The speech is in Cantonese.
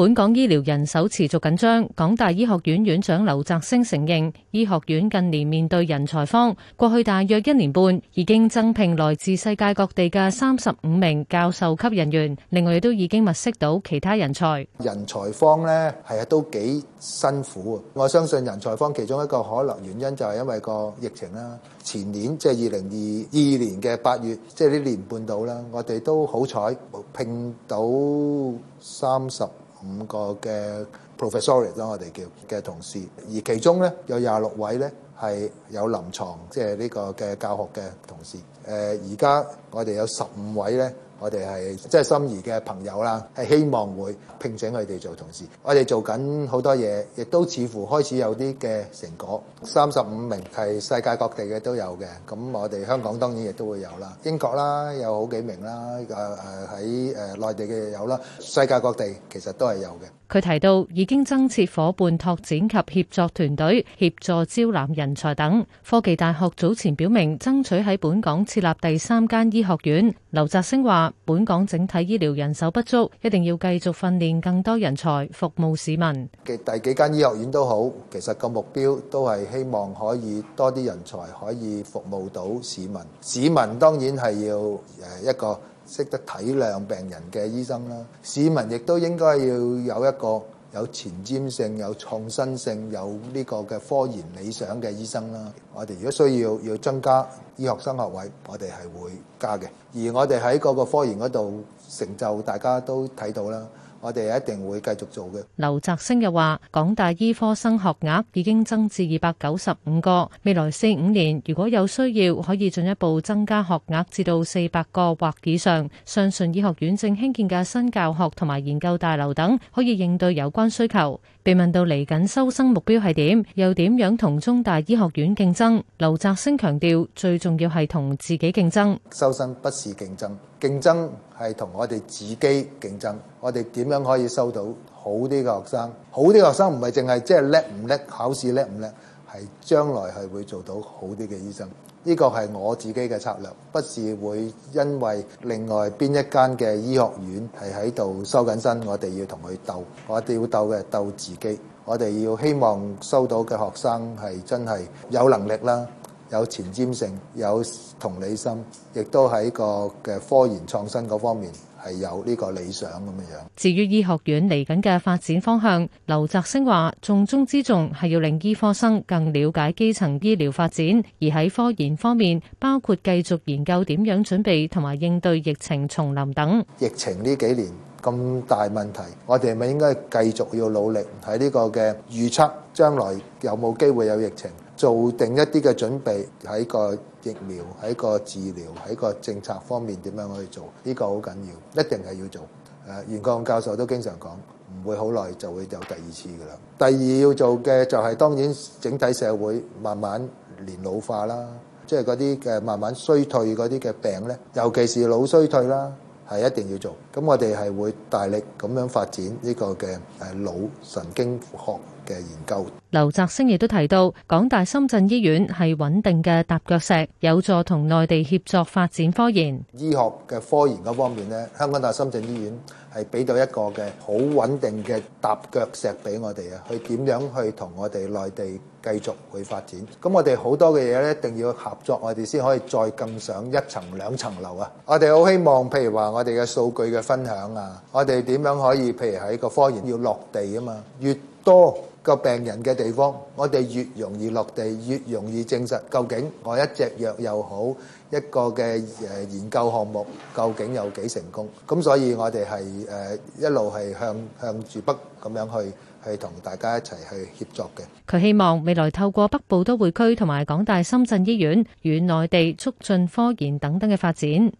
本港醫療人手持續緊張，港大醫學院院長劉澤星承認，醫學院近年面對人才荒。過去大約一年半已經增聘來自世界各地嘅三十五名教授級人員，另外亦都已經物色到其他人才。人才荒咧係啊，都幾辛苦啊。我相信人才荒其中一個可能原因就係因為個疫情啦。前年即係二零二二年嘅八月，即係呢年半到啦，我哋都好彩聘到三十五個嘅 professor 啦，我哋叫嘅同事，而其中咧有廿六位咧係有臨床，即係呢個嘅教學嘅同事。誒、呃，而家我哋有十五位咧。我哋係即係心儀嘅朋友啦，係希望會聘請佢哋做同事。我哋做緊好多嘢，亦都似乎開始有啲嘅成果。三十五名係世界各地嘅都有嘅，咁我哋香港當然亦都會有啦。英國啦有好幾名啦，誒誒喺誒內地嘅有啦，世界各地其實都係有嘅。佢提到已經增設夥伴拓展及協作團隊，協助招攬人才等。科技大學早前表明爭取喺本港設立第三間醫學院。劉澤星話。本港整體醫療人手不足，一定要繼續訓練更多人才服務市民。第幾間醫學院都好，其實個目標都係希望可以多啲人才可以服務到市民。市民當然係要誒一個識得體諒病人嘅醫生啦。市民亦都應該要有一個。有前瞻性、有創新性、有呢個嘅科研理想嘅醫生啦。我哋如果需要要增加醫學生學位，我哋係會加嘅。而我哋喺嗰個科研嗰度成就，大家都睇到啦。我哋一定會繼續做嘅。劉澤星又話，港大醫科生學額已經增至二百九十五個，未來四五年如果有需要，可以進一步增加學額至到四百個或以上。相信醫學院正興建嘅新教學同埋研究大樓等，可以應對有關需求。被問到嚟緊收生目標係點，又點樣同中大醫學院競爭，劉澤星強調最重要係同自己競爭。收生不是競爭競爭。係同我哋自己競爭，我哋點樣可以收到好啲嘅學生？好啲學生唔係淨係即係叻唔叻，考試叻唔叻，係將來係會做到好啲嘅醫生。呢個係我自己嘅策略，不是會因為另外邊一間嘅醫學院係喺度收緊生，我哋要同佢鬥。我哋要鬥嘅鬥自己，我哋要希望收到嘅學生係真係有能力啦。有前瞻性、有同理心，亦都喺個嘅科研創新嗰方面係有呢個理想咁樣樣。至於醫學院嚟緊嘅發展方向，劉澤星話重中之重係要令醫科生更了解基層醫療發展，而喺科研方面，包括繼續研究點樣準備同埋應對疫情重臨等。疫情呢幾年咁大問題，我哋係咪應該繼續要努力喺呢個嘅預測將來有冇機會有疫情？做定一啲嘅準備喺個疫苗、喺個治療、喺個政策方面點樣去做？呢、這個好緊要，一定係要做。誒、呃，袁國勇教授都經常講，唔會好耐就會有第二次噶啦。第二要做嘅就係、是、當然，整體社會慢慢年老化啦，即係嗰啲嘅慢慢衰退嗰啲嘅病咧，尤其是腦衰退啦。係一定要做，咁我哋係會大力咁樣發展呢個嘅誒腦神經學嘅研究。劉澤星亦都提到，港大深圳醫院係穩定嘅踏腳石，有助同內地協作發展科研。醫學嘅科研嗰方面呢，香港大深圳醫院。係俾到一個嘅好穩定嘅踏腳石俾我哋啊，去點樣去同我哋內地繼續去發展？咁我哋好多嘅嘢咧，一定要合作，我哋先可以再更上一層兩層樓啊！我哋好希望，譬如話我哋嘅數據嘅分享啊，我哋點樣可以？譬如喺個科研要落地啊嘛，越多個病人嘅地方，我哋越容易落地，越容易證實究竟我一隻藥又好，一個嘅誒研究項目究竟有幾成功。咁所以我哋係誒一路係向向住北咁樣去，去同大家一齊去協作嘅。佢希望未來透過北部都會區同埋港大深圳醫院與內地促進科研等等嘅發展。